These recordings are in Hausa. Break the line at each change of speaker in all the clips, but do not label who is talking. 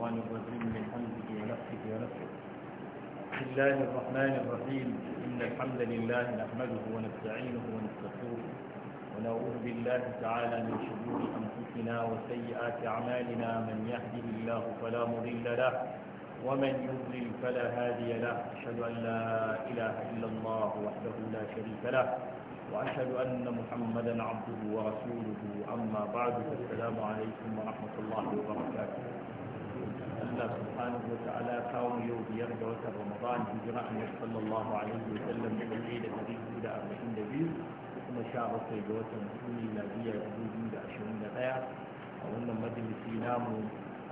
الشيطان الرجيم من حمده ونفسه ونفسه بسم الله الرحمن الرحيم إن الحمد لله نحمده ونستعينه ونستغفره ونعوذ بالله تعالى من شرور أنفسنا وسيئات أعمالنا من يهده الله فلا مضل له ومن يضلل فلا هادي له أشهد أن لا إله إلا الله وحده لا شريك له وأشهد أن محمدا عبده ورسوله أما بعد فالسلام عليكم ورحمة الله وبركاته الله سبحانه وتعالى كون يوم يرجع رمضان هجرة صلى الله عليه وسلم من العيد الذي يقول أربعين دبير ثم شعر سيدوة مسؤولي نبيا أبوهم بأشهرين غير أولا مدل سينام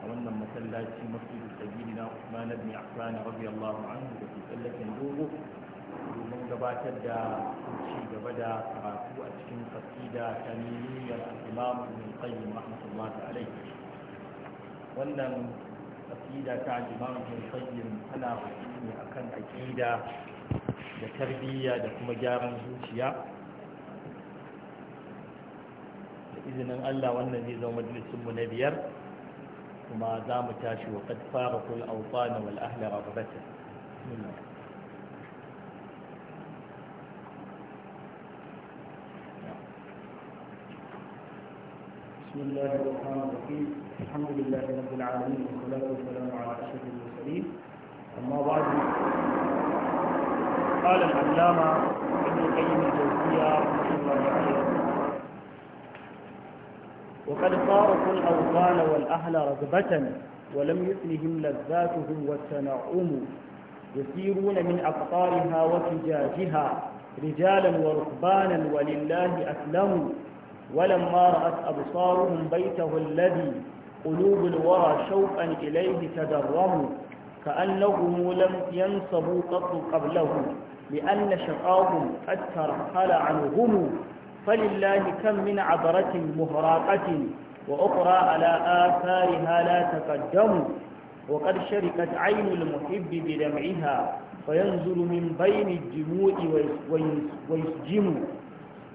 أولا مسلا في مسجد سبيلنا عثمان بن أحسان رضي الله عنه وفي سلة نبوه ومن قبات الدا كرشي قبدا قراتوا أتكين قصيدة كاميني الإمام ابن القيم رحمة الله عليه وأن aqida ta al-imam ibn qayyim ana ne akan aqida da tarbiyya da kuma gyaran zuciya da izinin Allah wannan zai zama majalisin mu na biyar kuma za mu tashi wa qad fara kul awtan wal ahla rabbatan بسم الله الرحمن الرحيم الحمد لله رب العالمين والصلاة والسلام على أشرف المرسلين أما بعد قال العلامة ابن القيم الجوزية رحمه الله عليه وقد فارقوا الأوطان والأهل رغبة ولم يثنهم لذاتهم والتنعم يسيرون من أقطارها وفجاجها رجالا وركبانا ولله أسلموا ولما رأت أبصارهم بيته الذي قلوب الورى شوقا إليه تدرموا كأنهم لم ينصبوا قط قبله لأن شقاهم قد ترحل عنهم فلله كم من عبرة مهراقة وأخرى على آثارها لا تقدم وقد شركت عين المحب بدمعها فينزل من بين الدموع ويسجم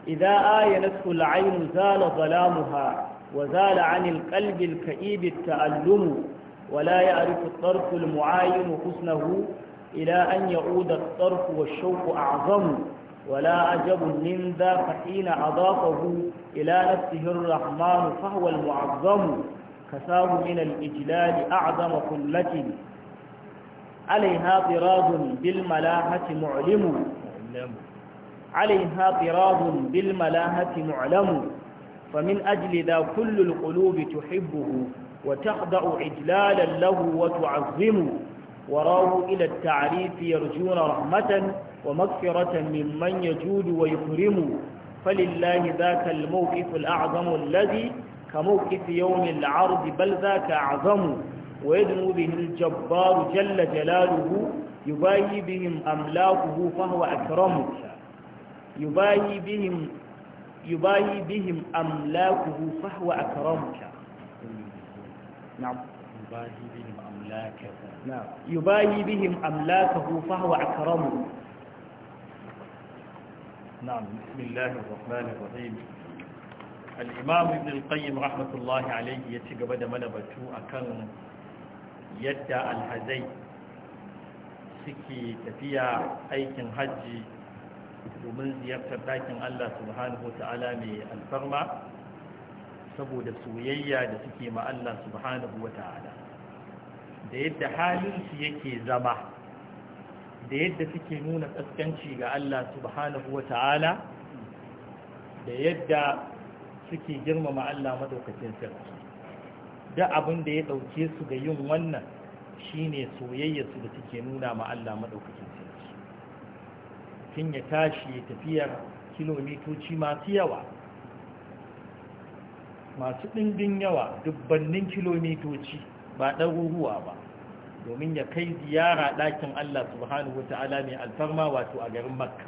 إذا آينته العين زال ظلامها وزال عن القلب الكئيب التألم ولا يعرف الطرف المعاين حسنه إلى أن يعود الطرف والشوق أعظم ولا عجب من ذا فحين أضافه إلى نفسه الرحمن فهو المعظم كساه من الإجلال أعظم قمة عليها طراز بالملاحة معلم عليها طراز بالملاحة معلم فمن أجل ذا كل القلوب تحبه وتخضع إجلالا له وتعظمه وراه إلى التعريف يرجون رحمة ومغفرة ممن يجود ويكرم فلله ذاك الموقف الأعظم الذي كموقف يوم العرض بل ذاك أعظم ويدنو به الجبار جل جلاله يباهي بهم أملاكه فهو أكرم يباهي بهم yubayi bihim amlakuhu fahwa akramuka na'am yubayi bihim amlakahu na'am yubayi bihim amlakahu fahwa akramuka نعم بسم الله الرحمن الرحيم الإمام ابن القيم رحمة الله عليه يتقب دمنا بتو أكن يدى الهزي suke tafiya aikin hajji. domin ziyartar ɗakin Allah subhanahu wa ta'ala mai alfarma saboda soyayya da suke ma Allah subhanahu wa ta'ala da yadda halinsu yake zama da yadda suke nuna ƙasƙanci ga Allah subhanahu wa ta'ala da yadda suke girmama Allah madaukakin sarki da abin da ya ɗauke su ga yin wannan shine soyayyarsu da suke nuna ma Allah madaukakin mutum ya tashi ya tafiyar kilomitoci masu yawa masu ɗindin yawa dubbannin kilomitoci ba ɗaruruwa ba domin ya kai ziyara ɗakin Allah subhanahu wata'ala mai alfarma wato a garin makka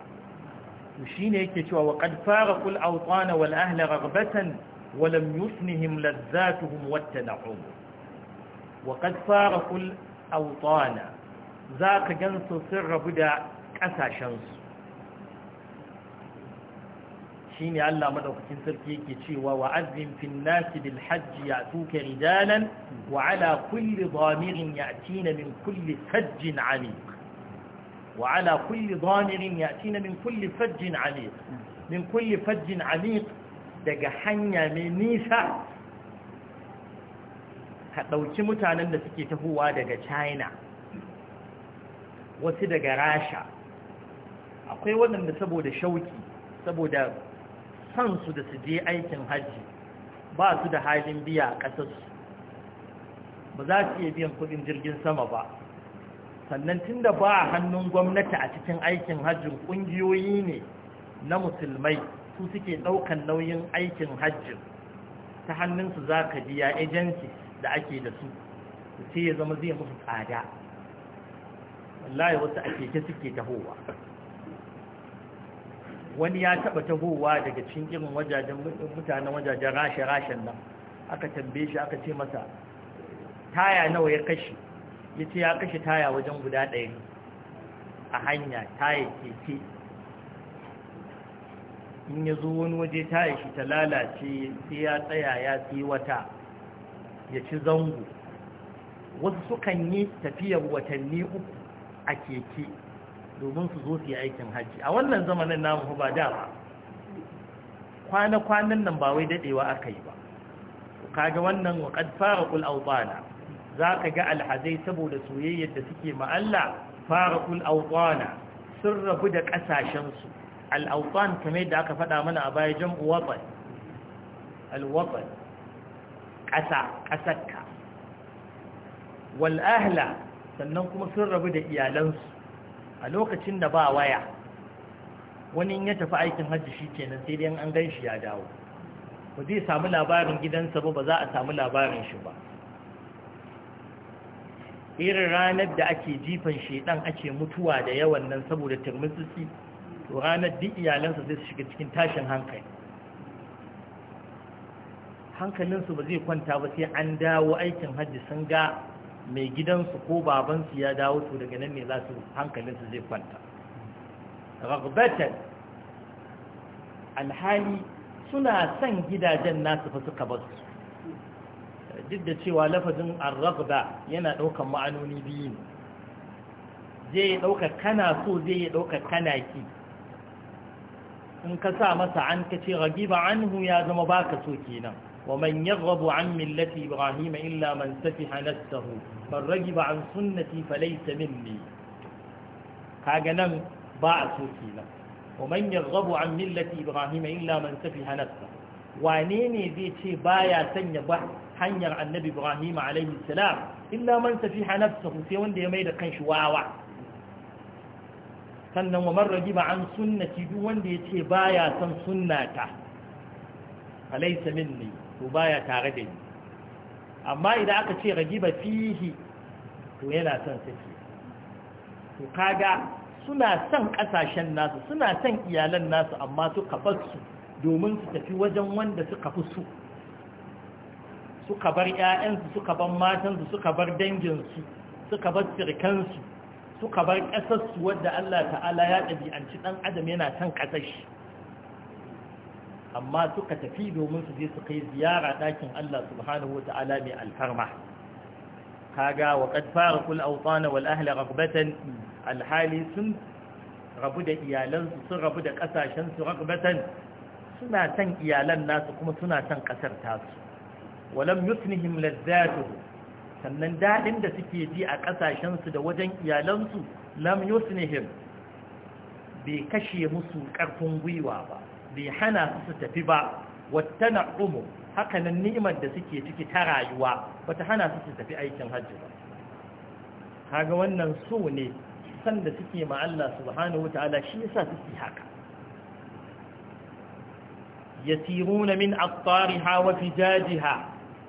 to shi ne yake cewa wa qad fara qul awtana wal ahla raghbatan wa lam yusnihim ladzatuhum wattana'um wa qad fara za ka zaka su sun rabu da ƙasashensu shine Allah madaukakin sarki yake cewa wa'azzim fin nasi bil hajji ya'tuka rijalan wa ala kulli dhamirin ya'tina min kulli fajjin 'amiq wa ala kulli dhamirin ya'tina min kulli fajjin 'amiq min kulli fajjin 'amiq daga hanya mai nisa ka dauki mutanen da suke tahowa daga China wasu daga Rasha akwai waɗanda saboda shauki saboda san su da su je aikin hajji ba su da halin biya ƙasarsu ba za su iya biyan kuɗin jirgin sama ba sannan tun da ba a hannun gwamnati a cikin aikin hajji ƙungiyoyi ne na musulmai su suke ɗaukan nauyin aikin hajji ta hannunsu za ka biya agency da ake da su sai ya zama zai musu tsada wallahi wasu a keke suke tahowa wani ya taba tahowa daga cikin irin wajajen mutanen wajajen rashe-rashen nan aka tambaye shi aka ce masa taya nawa ya kashe ya ce ya kashe taya wajen guda ɗaya a hanya taya keke in ya zo wani waje taya shi ta lalace sai ya tsaya ya fi wata ya ci zango wasu sukan yi tafiyar watanni uku a keke domin su zo su yi aikin hajji a wannan zamanin namu ba da ba kwana-kwanan nan ba wai dadewa aka yi ba kaga wannan wa qad faraqul Za zaka ga alhazai saboda soyayyar da suke ma Allah faraqul awtana sun rabu da kasashen su al kamar da aka faɗa mana a baya jam'u watan al ƙasa ƙasarka wal ahla sannan kuma sun rabu da iyalansu a lokacin da ba waya wani ya tafi aikin hajji shi kenan sai dai an gan shi ya dawo ba zai samu labarin gidansa ba ba za a samu labarin shi ba irin ranar da ake jifan shaidan ake mutuwa da yawan nan saboda turmitsisi to ranar duk iyalansa zai shiga cikin tashin hankali hankalinsu ba zai kwanta ba sai an dawo aikin hajji sun ga mai gidansu ko babansu ya dawo to daga nan ne za su hankalinsu zai kwanta ragbatan alhali suna son gidajen nasu fa suka basu duk da cewa lafazin arragba yana ɗaukar ma'anoni biyu ne zai yi ɗaukar kana so zai yi ɗaukar kana ki in ka sa masa an ka ce ragiba anhu ya zama baka so kenan ومن يغضب عن ملة إبراهيم إلا من سفح نفسه فالرجب عن سنتي فليس مني كاغنم باع سوكينا ومن يغضب عن ملة إبراهيم إلا من سفح نفسه وانيني ذي شي بايا سنيا بح حنير عن نبي إبراهيم عليه السلام إلا من سفح نفسه سيوان دي ميدا كنش واوا sannan wa marraji ba an sunnati duk wanda ya ce baya san sunnata alaysa minni to baya tare da ni amma idan aka ce ragiba fihi to yana son saki to kaga suna son kasashen nasu suna son iyalan nasu amma suka bar domin su tafi wajen wanda suka fi su suka bar ‘ya'yansu suka bar matansu suka bar danginsu suka bar sirkansu suka bar ƙasarsu wadda Allah ta'ala ya ɗabi'anci ɗan adam yana son ƙasashe. amma suka tafi domin su je su kai ziyara ɗakin Allah subhanahu wa ta'ala mai alfarma kaga wa qad fara kul awtana wal ahli alhali sun rabu da iyalansu sun rabu da kasashen su ragbatan suna san iyalan nasu kuma suna san kasar tasu walam yusnihim ladzatuhu sannan daɗin da suke ji a kasashen su da wajen iyalansu lam yusnihim bai kashe musu ƙarfin gwiwa ba bai hana su su tafi ba wata na'umu haka nan ni'imar da suke ciki ta rayuwa wata hana su su tafi aikin hajji ba kaga wannan so ne sanda suke ma Allah wa ta'ala shi yasa suke haka yasiruna min aqtariha wa fijajiha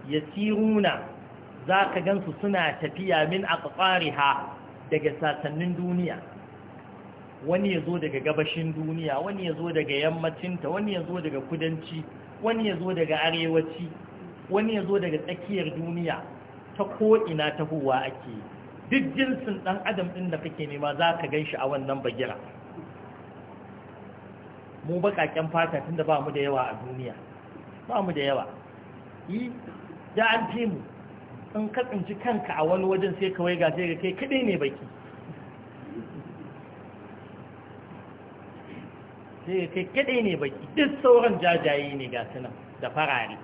yasiruna zaka gansu suna tafiya min aqtariha daga sasannin duniya wani ya zo daga gabashin duniya wani ya zo daga yammacinta wani ya zo daga kudanci wani ya zo daga arewaci wani ya zo daga tsakiyar duniya ta ko'ina ta huwa ake duk jinsin ɗan adam ɗin da kake nema za ka gan shi a wannan bagira mu baƙaƙen fata tun da ba mu da yawa a duniya ba mu da yawa yi da an fi mu in ka tsinci kanka a wani wajen sai kawai ga sai ga kai kaɗai ne baki sai kai kadai ne baki duk sauran jajaye ne ga suna da farare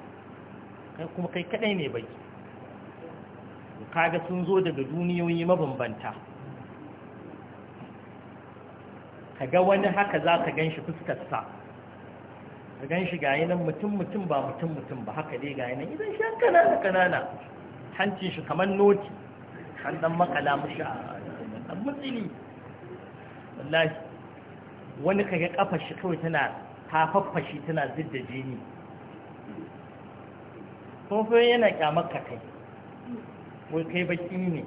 kai kuma kai kadai ne baki kaga sun zo daga duniyoyi mabambanta kaga wani haka za ka gan shi fuskarsa ka gan shi gayi nan mutum-mutum ba mutum-mutum ba haka dai gayi nan idan shi kanana-kanana hancin shi kamar noti kan dan makala mashi a matsili wallahi wani kaga kafar shi kawai tana hafaffashi tana zidda jini kuma fa yana kyamaka kai wai kai baki ne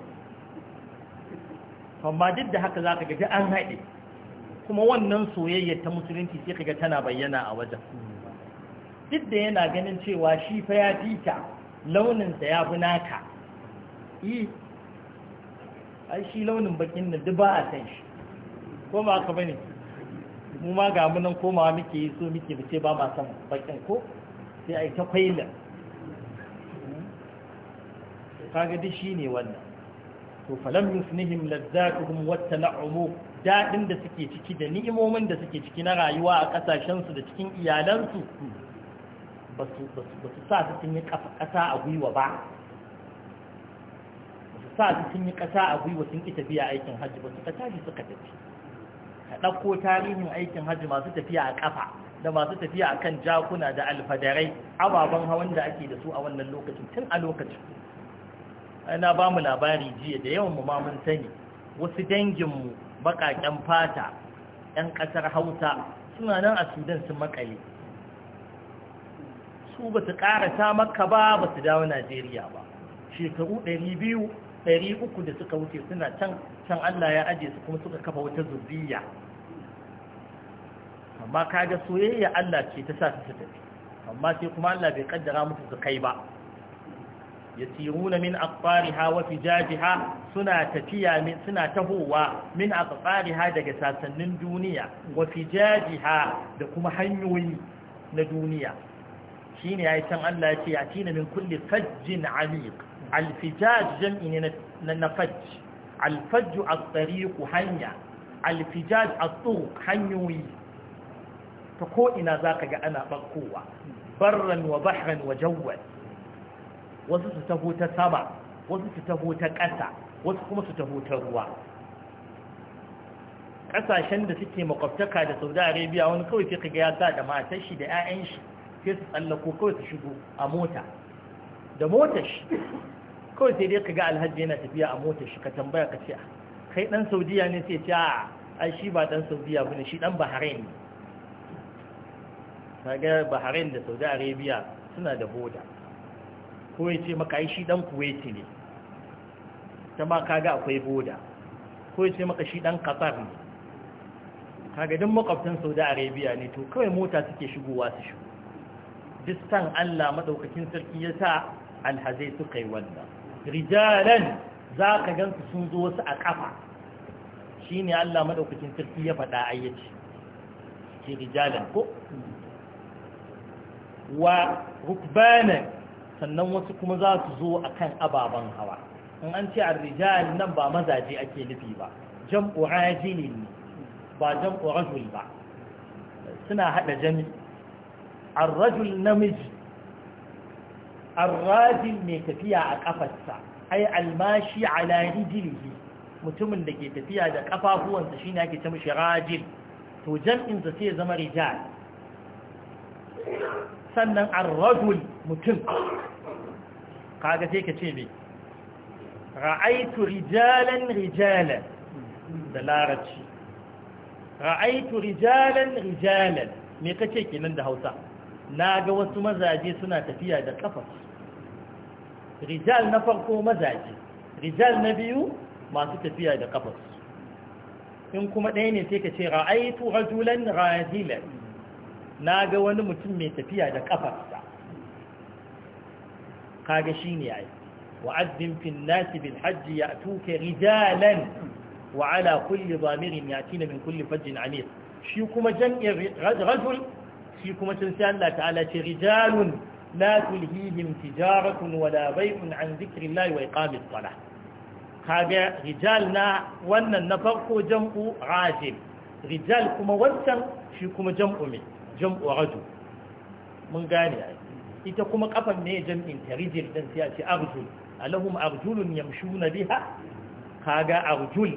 amma duk da haka zaka ga an haɗe kuma wannan soyayya ta musulunci sai kaga tana bayyana a wajen duk da yana ganin cewa shi fa ya fita launinsa ya fi naka yi e, ai shi launin bakin na duk ba a san shi ko ba ka bane mu ma ga munan komawa muke yi so muke bace ba ma san bakin ko sai a yi ta kwaila kaga duk shi ne wannan to falam yusnihim ladzatuhum wattana'umu dadin da suke ciki da ni'imomin da suke ciki na rayuwa a kasashen su da cikin iyalansu ba su sa su sun yi kasa a gwiwa ba ba su sa su sun kasa a gwiwa sun ki tafiya aikin hajji ba su ka tashi suka tafi ka ɗauko tarihin aikin hajji masu tafiya a ƙafa da masu tafiya a kan jakuna da alfadarai ababen hawan da ake da su a wannan lokacin tun a lokacin ana ba mu labari jiya da yawan mu ma mun sani wasu danginmu baƙaƙen fata 'yan ƙasar hausa suna nan a sudan sun makale su ba su ƙarasa maka ba ba su dawo najeriya ba shekaru ɗari biyu. ɗari uku da suka wuce suna can can Allah ya aje su kuma suka kafa wata zurriya amma kaga soyayya Allah ce ta sa su tafi amma sai kuma Allah bai kaddara musu su kai ba yasiruna min aqfariha wa fijajiha suna tafiya min suna tahowa min aqfariha daga sasannin duniya wa fijajiha da kuma hanyoyi na duniya shine yayin can Allah ya ce yatina min kulli fajjin amiq alfijaj jam'i ne na Alfaju alfajju at-tariqu hanya alfijaj at-turuq hanyoyi ta ko ina zaka ga ana bakkowa barran wa bahran wa jawwan wasu su taho ta sama wasu su taho ta ƙasa wasu kuma su taho ta ruwa ƙasashen da suke makwabtaka da saudi arabia wani kawai sai kaga ya sa da matar shi da 'ya'yan shi sai su tsallako kawai su shigo a mota da motar shi kawai sai dai ka ga alhaji yana tafiya a motar shi ka tambaya ka ce kai dan saudiya ne sai ce a ai shi ba dan saudiya bane shi dan bahrain ne kaga bahrain da saudi arabia suna da boda ko ya ce maka ai shi dan kuwait ne ta ma kaga akwai boda ko ya ce maka shi dan qatar ne kaga duk makwabtan saudi arabia ne to kawai mota suke shigowa su shigo distan allah madaukakin sarki ya sa alhazai suka yi wannan rijalan za ka gansu sun zo wasu a ƙafa shi ne Allah maɗaukacin sarki ya faɗa ayyaci ke rijalan ko wa rukbanan sannan wasu kuma za su zo a kan ababen hawa in an ce a rijal nan ba mazaje ake nufi ba jam'u rajilin ne ba jam'u rajul ba suna haɗa jami A rajul namiji arrajil mai tafiya a kafarsa ai almashi ala rijlihi mutumin da ke tafiya da kafafuwansa shine ake ce mishi rajil to jam'in sa sai zama rijal sannan arrajul mutum kaga sai ka ce me ra'aitu rijalan rijalan da larabci ra'aitu rijalan rijalan me kace kenan da Hausa na ga wasu mazaje suna tafiya da kafarsu رجال نفرقه مزاجي رجال نبيه ما ستفيه إذا قبض إنكم أين تيك تي رأيت رجلا راجلا ناقوان متمي تفيه إذا قبض قاقشيني عيد آية. وعدم في الناس بالحج يأتوك رجالا وعلى كل ضامر يأتين من كل فج عميق شيكم جنئ رجل شيكم تنسي الله تعالى رجال رجال لا تلهيهم تجارة ولا بيع عن ذكر الله وإقام الصلاة kaga rijal na wannan na farko jam'u rajil rijal kuma wancan shi kuma jam'u mai jam'u rajul mun gane ita kuma kafan ne jam'in ta rijil dan sai a ce arjul alahum arjulun yamshuna biha kaga arjul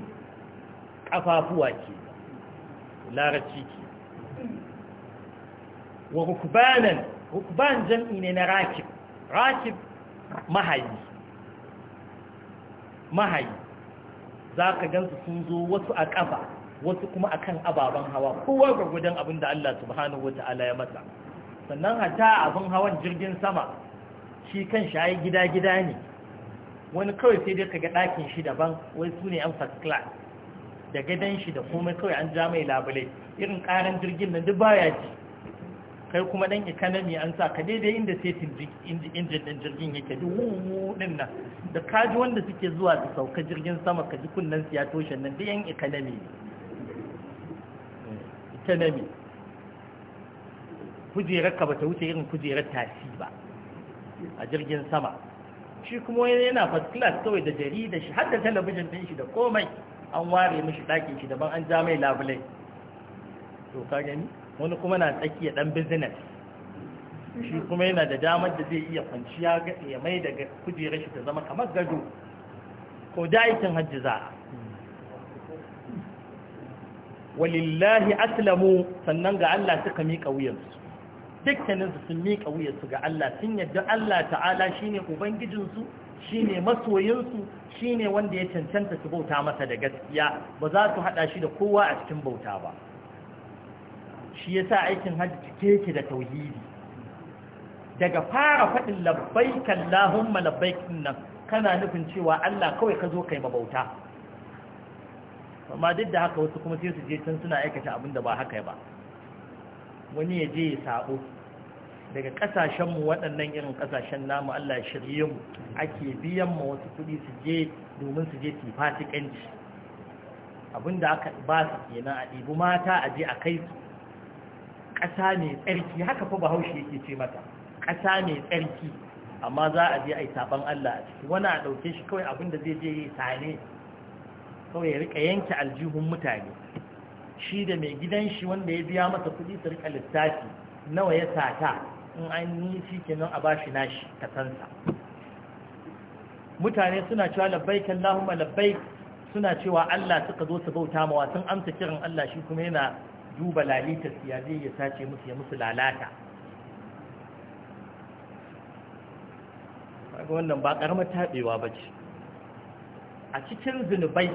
kafafuwa ke larabci ke rukban jam'i ne na rakib rakib mahayi mahayi za ka gansu sun zo wasu a ƙafa wasu kuma akan ababen hawa kowa gwagwadon abin da Allah subhanahu wa ta'ala ya masa sannan hata abin hawan jirgin sama shi kan shayi gida-gida ne wani kawai sai dai ka ga ɗakin shi daban wai su ne an first class da gadon shi da komai kawai an ja mai labulai irin ƙaran jirgin nan duk baya ji kai kuma dan economy an sa ka daidai inda setin injin din jirgin yake duhu din nan da kaji wanda suke zuwa su sauka jirgin sama ka ji kunnen siya toshen nan da yan economy economy kujerar ka bata wuce irin kujerar tasi ba a jirgin sama shi kuma yana first class kawai da jarida shi har da talabijin din shi da komai an ware mishi ɗakin shi daban an ja mai labulai to ka gani wani kuma na tsakiya dan business shi kuma yana da damar da zai iya kwanciya ya mai daga kujerar shi ta zama kamar gado ko da hajji za a walillahi aslamu sannan ga Allah suka mika wuyansu dukkaninsu sun mika wuyansu ga Allah sun yadda Allah ta'ala shine ubangijinsu shine masoyinsu shine wanda ya cancanta su bauta masa da gaskiya ba za su haɗa shi da kowa a cikin bauta ba shi ya sa aikin hajji cike yake da tauhidi daga fara faɗin labbai Allahumma labbaik nan kana nufin cewa Allah kawai ka zo kai mabauta amma duk da haka wasu kuma sai su je can suna aikata abin da ba haka ba wani ya je ya sabo daga ƙasashenmu waɗannan irin kasashen namu Allah ya shirye mu ake biyan mu wasu kuɗi su je domin su je su fasikanci abinda aka ba su kenan a ɗibi mata a je a kai su ƙasa mai tsarki haka fa bahaushe yake ce mata ƙasa mai tsarki amma za a je a yi saɓon Allah a ciki wani a ɗauke shi kawai abin da zai je yi sane kawai ya rika yanke aljihun mutane shi da mai gidan shi wanda ya biya masa kuɗi su rika lissafi nawa ya sata in an yi shi kenan a bashi nashi sansa. mutane suna cewa labbaik Allahumma labbaik suna cewa Allah suka zo su bauta ma wasan amsa kiran Allah shi kuma yana duba lalita ya zai ya sace musu ya musu lalata ga wannan ba ƙaramar taɓewa ba ce a cikin zunubai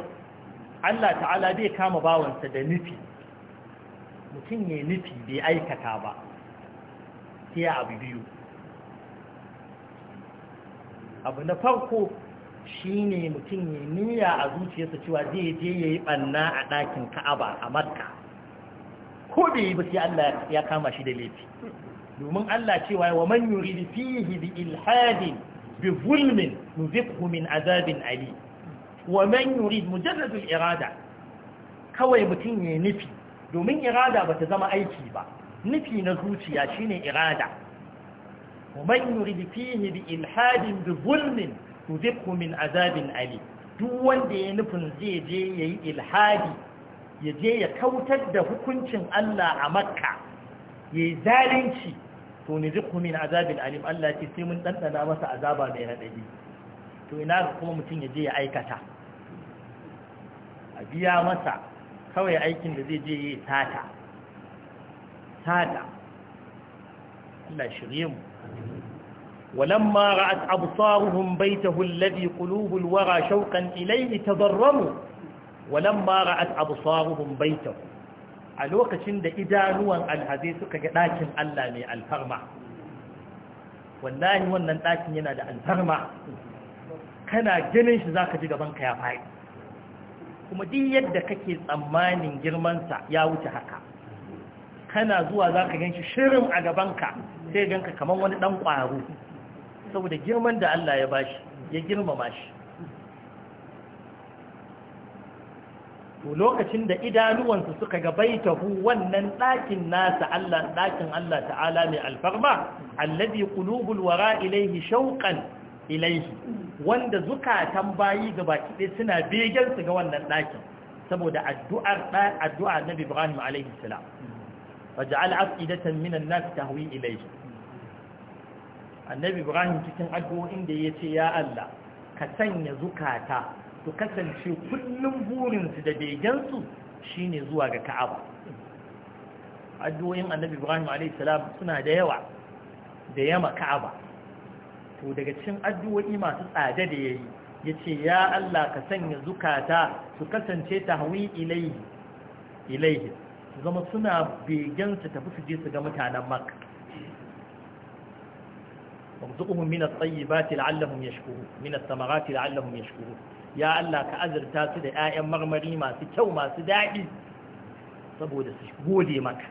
Allah ta'ala bai kama bawansa da nufi mutum ne nufi bai aikata ba sai abu biyu abu na farko shi ne mutum ya niyya a zuciyarsa cewa zai je ya yi ɓanna a ɗakin ka'aba a makka ko da yi ba sai Allah ya kama shi da laifi domin Allah cewa wa man yuridu fihi bi ilhadin bi zulmin nuzikhu min azabin ali wa man yurid mujarrad irada kawai mutum ya nufi domin irada ba ta zama aiki ba nufi na zuciya shine irada wa man yurid fihi bi ilhadin bi zulmin nuzikhu min azabin ali duk wanda ya nufin zai je yayi ilhadi ya je ya kautar da hukuncin Allah a makka ya yi zalunci to ni zikku min azabin alim Allah ce sai mun ɗanɗana masa azaba mai raɗaɗi to ina ga kuma mutum ya je ya aikata a biya masa kawai aikin da zai je ya yi sata sata Allah shirye mu ولما رأت أبصارهم بيته الذي قلوب الورى شوقا إليه تضرموا walan mara absaruhum baitahu a lokacin da idanuwan alhazai suka ga dakin Allah mai alfarma wallahi wannan dakin yana da alfarma kana ganin shi zaka ji gaban ka ya faɗi kuma duk yadda kake tsammanin girmansa ya wuce haka kana zuwa zaka ka ganshi shirin a gaban ka, sai ganka kaman wani ɗan ƙwaro saboda girman da Allah ya bashi ya girmama shi to lokacin da idanuwansu suka gabaita hu wannan ɗakin nasa Allah ɗakin Allah ta'ala mai alfarma Allabi qulubul wara ilaihi shauqan ilaihi wanda zukatan bayi gabaki ɗaya suna begen su ga wannan ɗakin saboda addu'ar addu'a Nabi Ibrahim alaihi salam waj'al afidatan minan nas tahwi ilaihi annabi Ibrahim cikin addu'o'in da yace ya Allah ka sanya zukata su kasance kullum burinsu da begensu shine zuwa ga ka'aba addu'o'in annabi ibrahim a.s. suna da yawa da yama ka'aba to daga cikin addu'o'i masu tsada da yayi yi, ya Allah ka sanya zukata su kasance ta ilayhi ilayhi zama suna begen su tafi su je su ga mutanen makka warzuquhum min at-tayyibati la'allahum yashkurun min ya Allah ka azurta su da 'ya'yan marmari masu kyau masu daɗi saboda su gode maka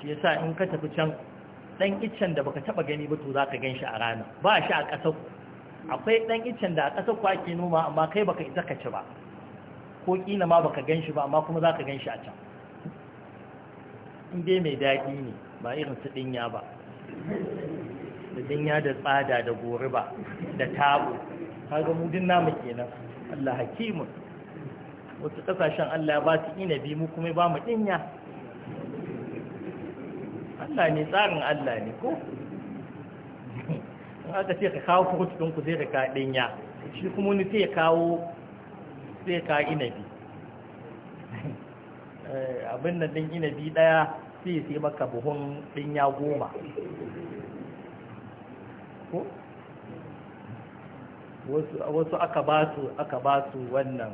shi yasa in ka tafi can ɗan iccen da baka taɓa gani ba za ka gan shi a rana ba shi a ƙasar akwai ɗan iccen da a ƙasar ku ake noma amma kai baka isa ka ci ba ko ƙina ma baka gan shi ba amma kuma za ka gan shi a can in mai daɗi ne ba irin su ɗinya ba da ɗinya da tsada da gori da tabo kaga mu din namu kenan Allah hakimun wasu kasashen Allah ba su inabi mu kuma ba mu dinya Allah ne tsarin Allah ne ko in aka ce ka kawo kuma cikin ku ka ka dinya shi kuma wani sai ya kawo sai ka inabi eh, abin nan din inabi daya sai sai maka buhun dinya goma ko wasu aka ba su aka ba su wannan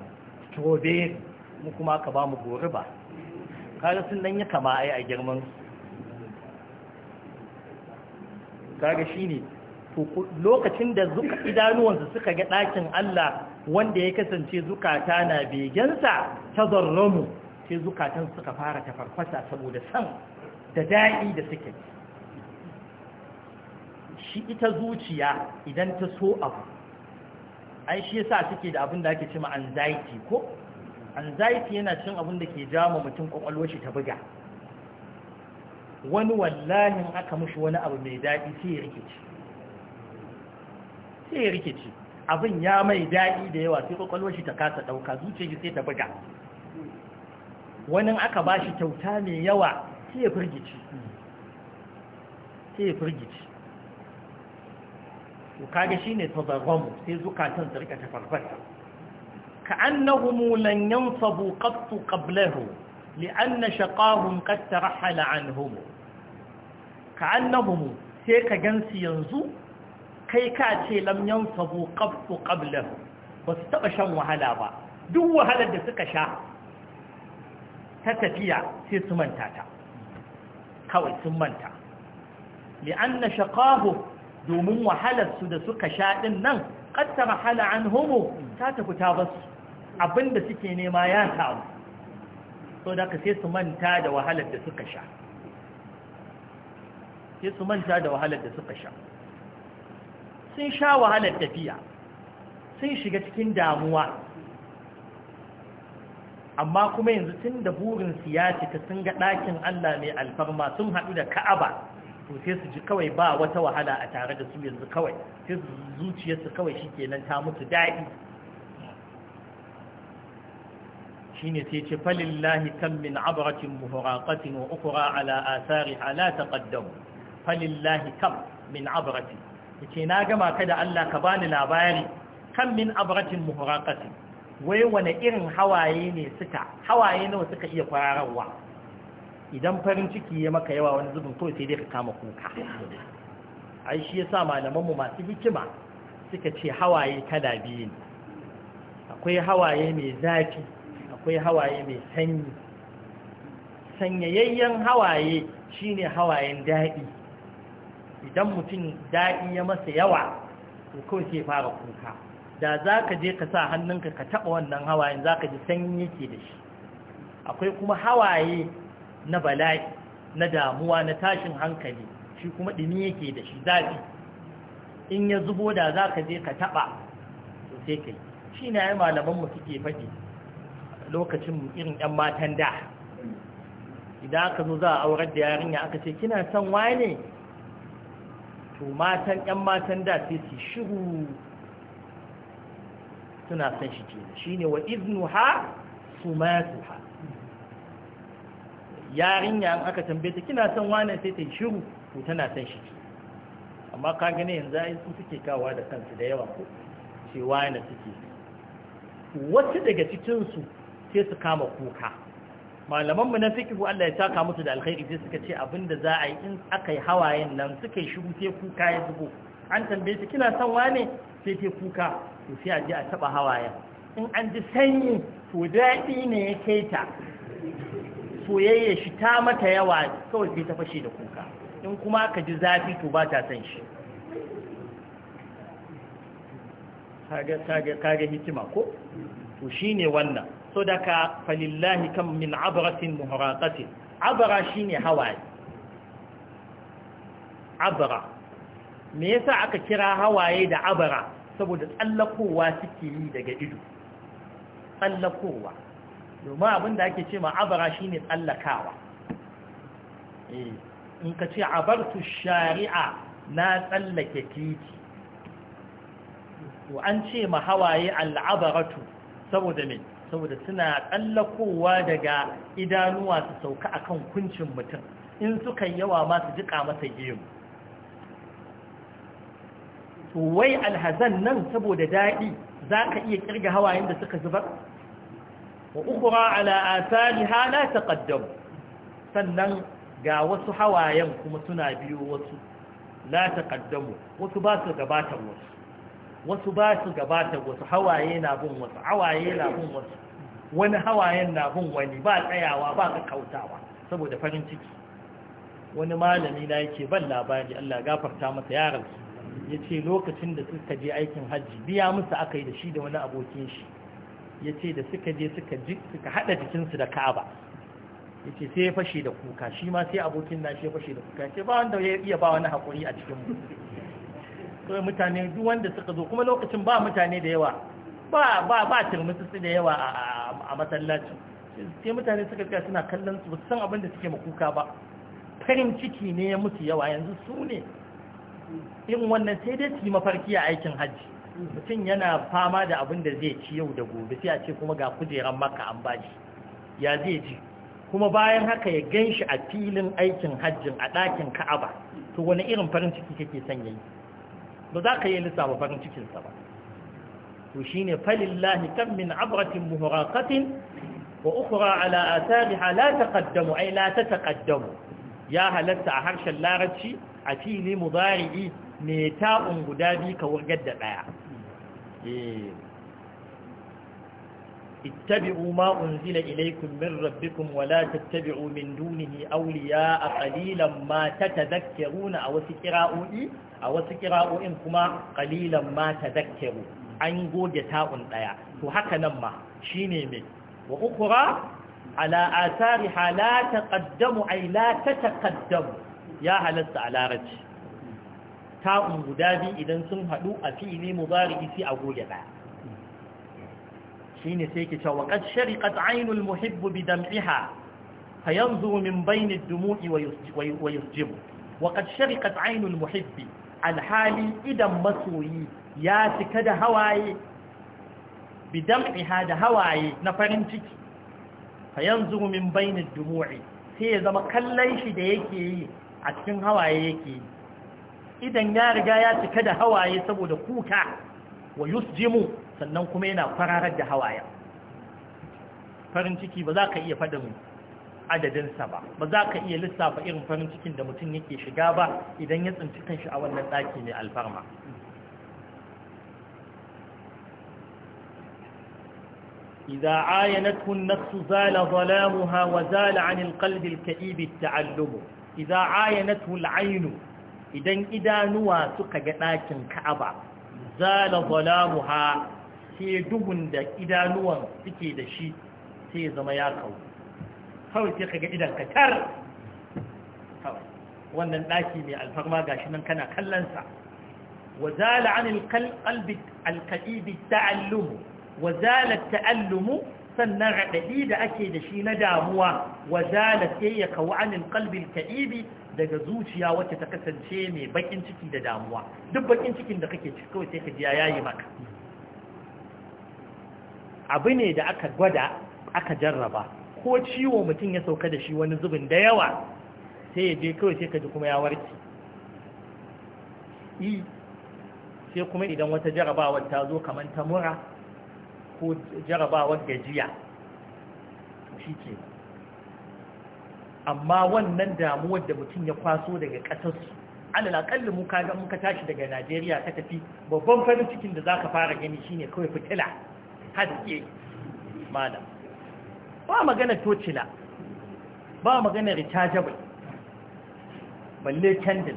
tobe mu kuma aka ba mu gori ba kaga sun dan ya kama ai a girman kaga shine to lokacin da zuka idanuwansu suka ga dakin Allah wanda ya kasance zukata na begensa ta zarramu sai zukatan suka fara farfasa saboda san da da'i da suke shi ita zuciya idan ta so abu ai shi yasa suke da abin da ake cewa anxiety ko anxiety yana cin abin da ke jawo mutum kwakwalwar shi ta buga wani in aka mushi wani abu mai daɗi sai ya rikici sai ya rikici abin ya mai daɗi da yawa sai kwakwalwar shi ta kasa ɗauka zuciyar shi sai ta buga wani aka ba shi kyauta mai yawa sai ya firgici sai ya firgici kaga shi ne tazarwamu sai zukatan da rikata farfarta ka annahu mulan yan sabu kaftu kablero li anna shaqahun kasta rahala an homo ka annahu sai ka gansu yanzu kai ka ce lam yan sabu ba su taba shan wahala ba duk wahalar da suka sha ta tafiya sai su manta ta kawai sun manta li anna shaqahun domin wahalarsu da suka sha ɗin nan ƙattara hala an homo ta tafi ta basu abinda suke nema ya samu so da ka sai su manta da wahalar da suka sha sai su manta da wahalar da suka sha sun sha wahalar tafiya sun shiga cikin damuwa amma kuma yanzu tun da burinsu ya cika sun ga ɗakin Allah mai alfarma sun haɗu da ka'aba to sai su ji kawai ba wata wahala a tare da su yanzu kawai sai su zuciyarsu kawai shi shikenan ta mutu daɗi shine sai ce falillahi kam min abratin muhraqatin wa ukra ala athariha la taqaddam falillahi kam min abratin yace na gama kada Allah ka bani labari kam min abratin muhraqatin wai wane irin hawaye ne suka hawaye nawa suka iya kwararwa idan farin ciki ya maka yawa wani zubin kawai sai dai ka kama kuka ai shi yasa malamanmu masu hikima suka ce hawaye kala biyu ne akwai hawaye mai zafi akwai hawaye mai sanyi sanyayayyen hawaye shine hawayen daɗi idan mutum daɗi ya masa yawa to kawai sai fara kuka da za ka je ka sa hannunka ka taɓa wannan hawayen za ka ji sanyi yake da shi akwai kuma hawaye na bala'i na damuwa na tashin hankali shi kuma ɗini yake da shi zafi in ya zubo da za ka je ka taɓa to sai kai shi na yi malamanmu suke faɗi lokacin irin 'yan matan da idan aka zo za a aurar da yarinya aka ce kina son wane to matan 'yan matan da sai su shiru suna son shi ke shi ne wa ha, su ha. yarinya an aka tambaye ta kina son wane sai ta yi shiru ko tana son shi amma ka gane yanzu ai su suke kawa da kansu da yawa ko ce wane suke wacce daga cikin su sai su kama kuka malaman mu na fikihu Allah ya saka musu da alkhairi sai suka ce abinda za a yi in aka yi hawayen nan suka yi shiru sai kuka ya zubo an tambaye ta kina son wane sai ta kuka to sai a je a taba hawayen in an ji sanyi to daɗi ne ya kai ta soyayya shi ta mata yawa kawai sai ta fashe da kuka in kuma ka ji zafi to ba ta san shi kage hikima ko to shine wannan so daga falillahi kan min abratin abara shi shine hawaye abara me yasa aka kira hawaye da abra saboda tsallakowa suke yi daga ido tsallakowa domin abin da ake ce ma'abara shi ne tsallakawa eh, in ka ce su shari'a na tsallake titi an ce ma hawaye al'abaratu saboda mai saboda suna tsallakowa daga idanuwa su sauka akan kuncin mutum in suka yawa masu jika masa gemu wai alhazan nan saboda daɗi za ka iya kirga hawayen da suka zubar wa ukura ala asaliha la taqaddam sannan ga wasu hawayen kuma suna biyo wasu la taqaddamu wasu ba su gabatar wasu wasu ba su gabatar wasu hawaye na bin wasu hawaye na bin wasu wani hawayen na bin wani ba tsayawa ba ka kautawa saboda farin ciki wani malami na yake ban labari Allah gafarta masa yaransu ya ce lokacin da suka je aikin hajji biya musu aka yi da shi da wani abokin shi ya ce da suka je suka haɗa jikinsu da ka'aba ya ce sai ya fashe da kuka shi ma sai abokin na ya fashe da kuka ce ba wanda ya iya ba wani haƙuri a cikinmu kawai mutane duk wanda suka zo kuma lokacin ba mutane da yawa ba ba ba su da yawa a masallacin sai mutane suka tsaya suna kallon su san abin da suke makuka ba farin ciki ne ya mutu yawa yanzu su ne in wannan sai dai su yi mafarki a aikin hajji mutum yana fama da abin da zai ci yau da gobe sai a ce kuma ga kujeran maka an bashi ya zai ji kuma bayan haka ya gan shi a filin aikin hajjin a ɗakin ka'aba to wani irin farin ciki kake son yi ba za ka yi lissafa farin cikinsa ba to ne falillahi kan min abratin muhraqatin wa ukhra ala athariha la taqaddamu la ya halatta a harshen larabci a fili mudari'i mai ta'un guda biyu ka wurgar da ɗaya اتبعوا ما أنزل إليكم من ربكم ولا تتبعوا من دونه أولياء قليلا ما تتذكرون أو سكراؤي أو سكراؤي إنكما قليلا ما تذكروا عن قود يتاء ضيع فهكا نما شيني من وأخرى على آثارها لا تقدم أي لا تتقدم يا هلس على رجل ta'un guda biyu idan sun haɗu a fi'ili mubari sai a goge ɗaya ne sai ke cewa qad shariqat aynul muhibb bi dam'iha fayanzuru min bayni ad-dumu'i wa yusjibu wa qad shariqat aynul muhibbi alhali idan masoyi ya cika da hawaye bi dam'iha da hawaye na farin ciki fayanzuru min bayni ad-dumu'i sai ya zama kallon shi da yake yi a cikin hawaye yake yi idan ya riga ya cika da hawaye saboda kuka wa yusjimu sannan kuma yana fararar da hawaye farin ciki ba za ka iya faɗin adadinsa ba ba za ka iya lissafa irin farin cikin da mutum yake shiga ba idan ya tsinci kanshi a wannan daki mai alfarma إذا عاينته النفس زال ظلامها وزال عن القلب الكئيب التعلم إذا عاينته العين idan idanuwa suka ga ɗakin ka'aba zala zalamuha sai duhun da idanuwan suke da shi sai zama ya kawo kawai sai ka ga idan ka tar wannan ɗaki mai alfarma gashi nan kana kallonsa wa zala an alƙalbi alƙa'ibi ta'allumu wa zala ta'allumu sannan raɗaɗi da ake da shi na damuwa zala sai ya kawo anin kalbin ka'ibi daga zuciya wacce ta kasance mai bakin ciki da damuwa duk bakin cikin da kake ciki kawai sai ka biya yayi maka abu ne da aka gwada aka jarraba ko ciwo mutum ya sauka da shi wani zubin da yawa sai ya je kawai sai ka ji kuma ya warke sai kuma idan wata jarabawar ta zo kamar ta mura ko jarabawar gajiya shi ke amma wannan damuwar da mutum ya kwaso daga ƙasarsu alalakalli mu kaga muka tashi daga najeriya ka tafi babban farin cikin da za ka fara gani shi ne kawai fitila haske malam ba magana tocila ba magana rechargeable balle candle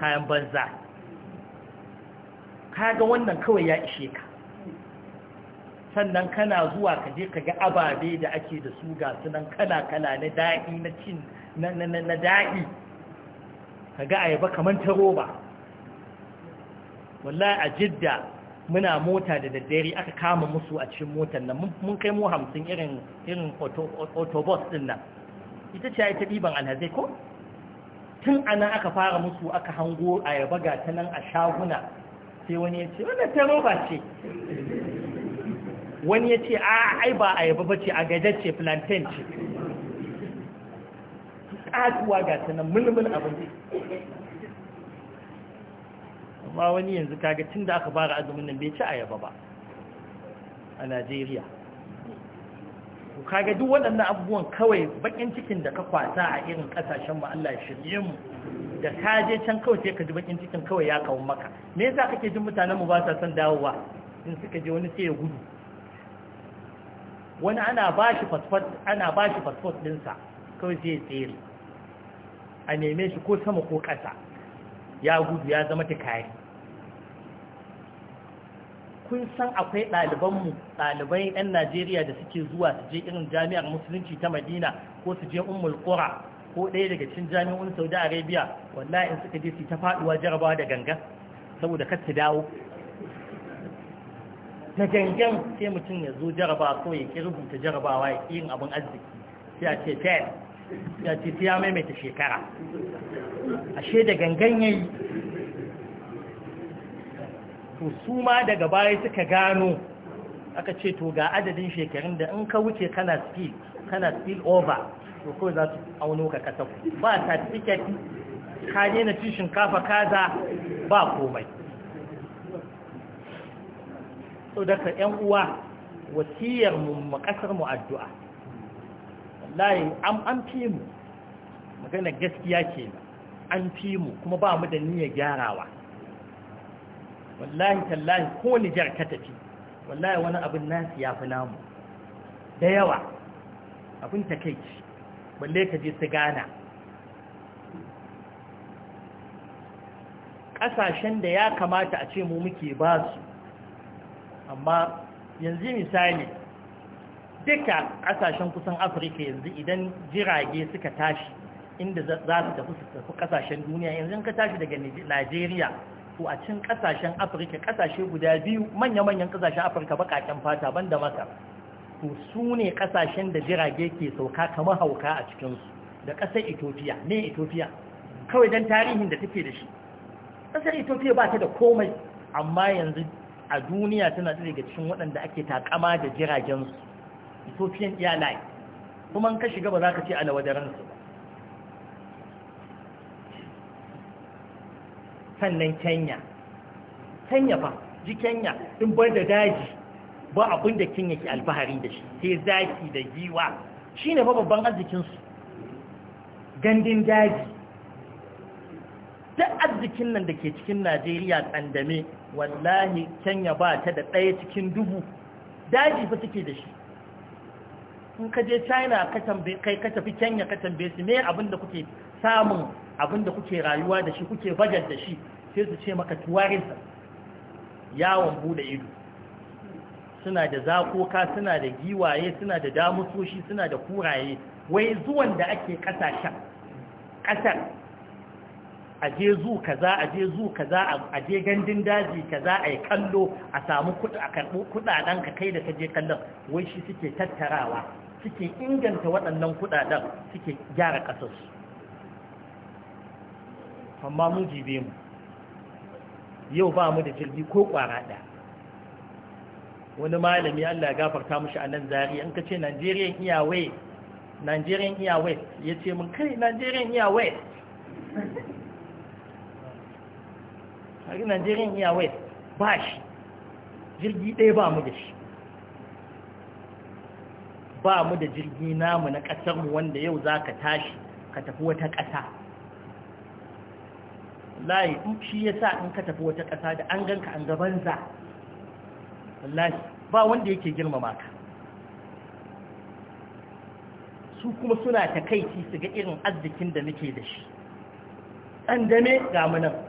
kayan banza Ka ga wannan kawai ya ishe ka sannan kana zuwa ka je ka ga ababe da ake da su ga sunan kala-kala na da'i na cin na da'i ka ga ayaba kamar ta roba wallahi a jidda muna mota da daddare aka kama musu a cikin motar nan mun kai mu hamsin irin irin autobus din nan ita ce ta ɗiban alhazai ko tun ana aka fara musu aka hango ayaba ga ta nan a shaguna sai wani ya ce wadda ta roba ce wani ya ce a ai ba ayaba ba ce a gajacce plantain ce ƙatuwa ga sanan mulmul abinci amma wani yanzu kaga tun da aka fara azumin nan bai ci ayaba ba a najeriya kaga duk waɗannan abubuwan kawai bakin cikin da ka kwasa a irin ƙasashen mu Allah ya shirye mu da ka je can kawai sai ka ji bakin cikin kawai ya kawo maka me yasa kake jin mutanen mu ba sa son dawowa in suka je wani sai ya gudu wani ana ba shi fasfot ana ba shi fasfot dinsa kawai zai tsere a neme shi ko sama ko ƙasa ya gudu ya zama tukari kun san akwai ɗalibanmu ɗalibai 'yan najeriya da suke zuwa su je irin jami'ar musulunci ta madina ko su je ummul qura ko ɗaya daga cikin jami'un saudi arabia wallahi in suka je su ta faɗuwa jarabawa da ganga saboda kar su dawo na gangan sai mutum ya zo jaraba ko ya ƙi rubuta jarabawa ya yin abin arziki sai a ce fail ya ce maimaita shekara ashe da gangan ya yi to su ma daga baya suka gano aka ce to ga adadin shekarun da in ka wuce kana spill kana spill over to kawai za su auno ka kasa ba certificate ka daina cin shinkafa kaza ba komai so daga yan uwa wasiyar mu makasar mu addu'a wallahi am an fi mu magana gaskiya kenan an fi mu kuma ba mu da niyyar gyarawa wallahi tallahi ko nijar ka tafi wallahi wani abin nasi ya fi namu da yawa abin ta takaici balle ka je su gana ƙasashen da ya kamata a ce mu muke ba su amma yanzu misali duka ƙasashen kusan afirka yanzu idan jirage suka tashi inda za su tafi su tafi ƙasashen duniya yanzu ka tashi daga najeriya ko a cin ƙasashen afirka ƙasashe guda biyu manya-manyan ƙasashen afirka baƙaƙen fata banda maka to su ne ƙasashen da jirage ke sauka kamar hauka a cikinsu da ƙasar ethiopia ne ethiopia kawai don tarihin da take da shi ƙasar ethiopia ba ta da komai amma yanzu a duniya tana da daga cikin waɗanda ake takama da jiragensu ethiopian airline kuma ka shiga ba za ka ce alawadaransu ba sannan kenya kenya fa ji kenya in bar da daji ba abin da kenya ke alfahari da shi sai zaki da giwa shi ne fa babban arzikinsu gandun daji duk arzikin nan da ke cikin najeriya tsandame wallahi kenya ba ta da ɗaya cikin dubu daji fa take da shi in ka je china ka kai ka tafi kenya ka tambaye su me abinda kuke samun abinda kuke rayuwa da shi kuke bajar da shi sai su ce maka tuwarinsa yawon bude ido suna da zakoka suna da giwaye suna da damusoshi suna da kuraye wai zuwan da ake kasashen ƙasar a je zu kaza a je zu kaza a je gandun daji kaza a yi kallo a samu kudi a karbo kudaden ka kai da ka je kallon wai shi suke tattarawa suke inganta waɗannan kudaden suke gyara su amma mun jibe mu yau ba mu da jirgi ko kwara ɗaya wani malami Allah ya gafarta mushi a nan zari in ka ce Nigerian Airways Nigerian Airways ya ce mun kai Nigerian Airways a nigerian airways ba shi jirgi ɗaya ba mu da shi ba mu da jirgi namu na ƙasarmu wanda yau za ka tashi ka tafi wata ƙasa layi shi ya sa in ka tafi wata ƙasa da an ganka an gabanza wallahi ba wanda yake girmama ka su kuma suna takaici su ga irin arzikin da nake da shi ɗan dame ga munan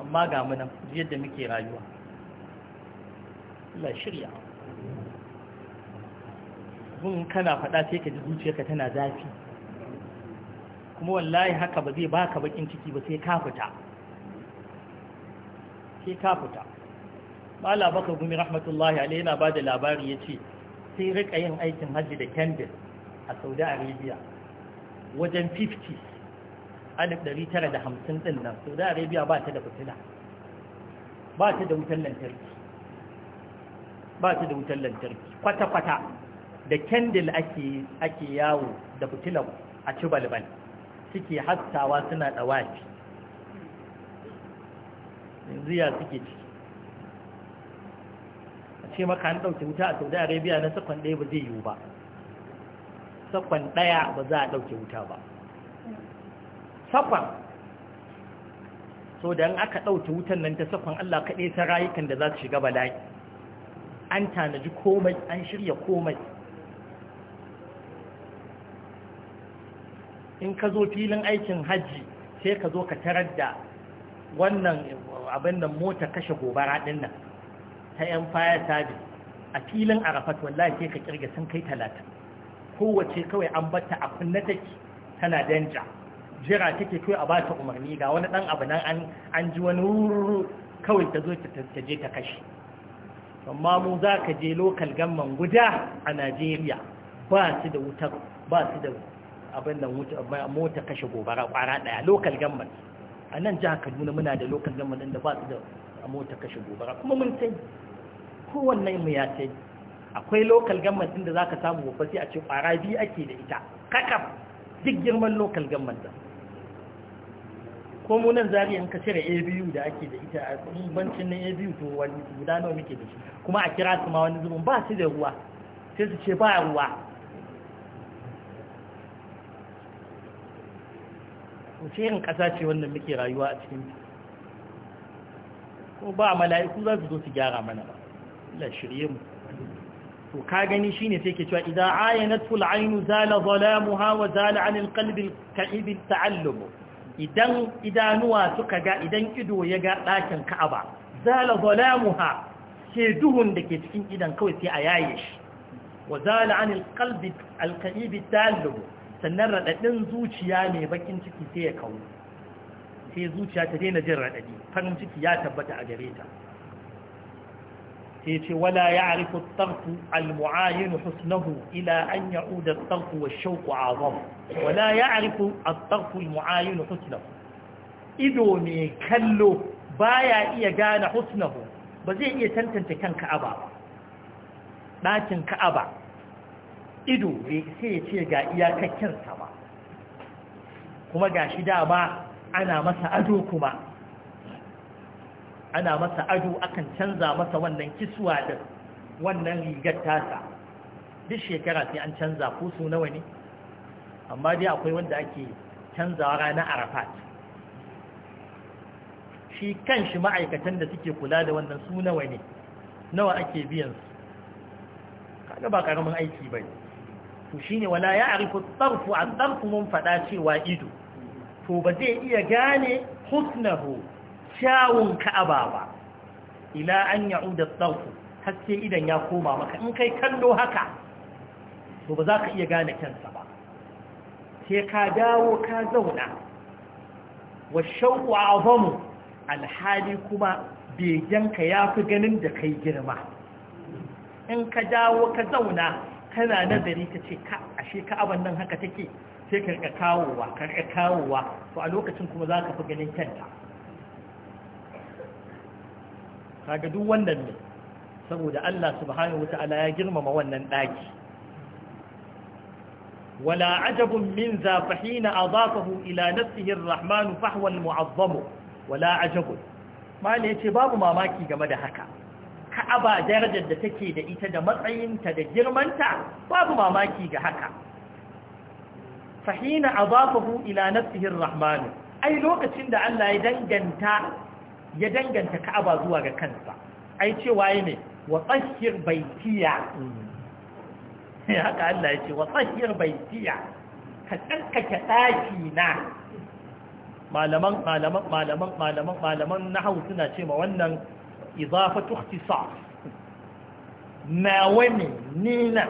amma ga munan yadda muke rayuwa Allah shirya Mun kana faɗa sai ka ji zuciyarka tana zafi kuma wallahi haka ba zai baka bakin ciki ba sai ka fita sai ka fita mala baka gumi rahmatullahi alai yana ba labari ya ce sai rika yin aikin hajji da candle a saudi arabia wajen 50 alif ɗari tara da hamsin ɗin nan saudi arabia ba ta da fitila ba ta da wutar lantarki ba ta da wutar lantarki kwata-kwata da kendil ake yawo da fitilar a ci balbal suke haskawa suna ɗawafi yanzu ya suke ci a ce maka an ɗauke wuta a saudi arabia na sakon ɗaya ba zai yiwu ba sakon ɗaya ba za a ɗauke wuta ba safa so da aka ɗauta wutan nan ta safan Allah kaɗai ta rayukan da za su shiga bala'i an tanaji komai an shirya komai in ka zo filin aikin hajji sai ka zo ka tarar da wannan abin da mota kashe gobara ɗin nan ta yan faya sabi a filin arafat wallahi sai ka kirga sun kai talatin kowace kawai an batta a kunne take tana danja jira take kai a bata umarni ga wani dan abu nan an ji wani ruru kawai ta zo ta je ta kashe amma mu za ka je lokal gamman guda a Najeriya ba su da wuta ba su da abin da mota kashe gobara kwara daya lokal gamman a nan jihar Kaduna muna da lokal gamman din da ba su da mota kashe gobara kuma mun sai kowanne mu ya sai akwai lokal gamman din da zaka samu babba sai a ce kwara biyu ake da ita kakam duk girman lokal gamman din ko mu nan zari in ka cire abu da ake da ita a bancin na abu to wani guda nawa muke da shi kuma a kira su ma wani zubin ba su da ruwa sai su ce ba ruwa wace yin kasa ce wannan muke rayuwa a cikin ko ba mala'iku za su zo su gyara mana ba la shirye mu to ka gani shine sai ke cewa idan ayanatul ainu zala zalamuha wa zala anil qalbi al-ka'ib al-ta'allum idan idanuwa suka ga idan ido ya ga ɗakin ka'aba zala zalamuha duhun da ke cikin idan kawai sai a yaye shi wa zala anil qalbi alqaibi talib sannan radadin zuciya mai bakin ciki sai ya kawo sai zuciya ta daina jin radadi farin ciki ya tabbata a gare ta sai ce wala ya'rifu at-tarfu al-mu'ayin husnahu ila an ya'uda at-tarfu wash-shawqu 'azam wala ya'rifu at-tarfu al-mu'ayin husnahu ido ne kallo baya iya gane husnahu ba zai iya tantance kan Ka'aba ba ɗakin Ka'aba ido bai sai ya ce ga iyakakken sa ba kuma gashi dama ana masa ado kuma ana masa ado akan canza masa wannan kiswa da wannan rigar tasa duk shekara sai an canza ko su nawa ne amma dai akwai wanda ake canzawa ranar arafat shi kan shi ma'aikatan da suke kula da wannan su nawa ne nawa ake biyan su kaga ba karamin aiki bai to shine wala ya arifu tsarfu an tsarfu mun fada cewa ido to ba zai iya gane husnahu kyawun ka'aba ba ila an ya'uda tsawfu haske idan ya koma maka in kai kallo haka to ba za ka iya gane kyansa ba Ke ka dawo ka zauna wa shauku abamu alhali kuma bejanka ya fi ganin da kai girma in ka dawo ka zauna kana nazari ka ce ashe ka'aban nan haka take sai karka kawowa karka kawowa to a lokacin kuma za ka fi ganin kyanta kaga duk wannan ne saboda Allah subhanahu wata'ala ya girmama wannan daki wala ajabun min zafahina adafahu ila nafsihi arrahman fahwan mu'azzam wala ajabun mala yace babu mamaki game da haka ka'aba darajar da take da ita da matsayin ta da girmanta babu mamaki ga haka fahina adafahu ila nafsihi arrahman ai lokacin da Allah ya danganta ya danganta ka'aba zuwa ga kansa ai cewa yi ne wa tsakiyar baitiya haka Allah ya ce wa tsakiyar baitiya ka tsarkake ɗaki na malaman malaman malaman malaman malaman na hau suna ce ma wannan izafatu ikhtisas na wani nina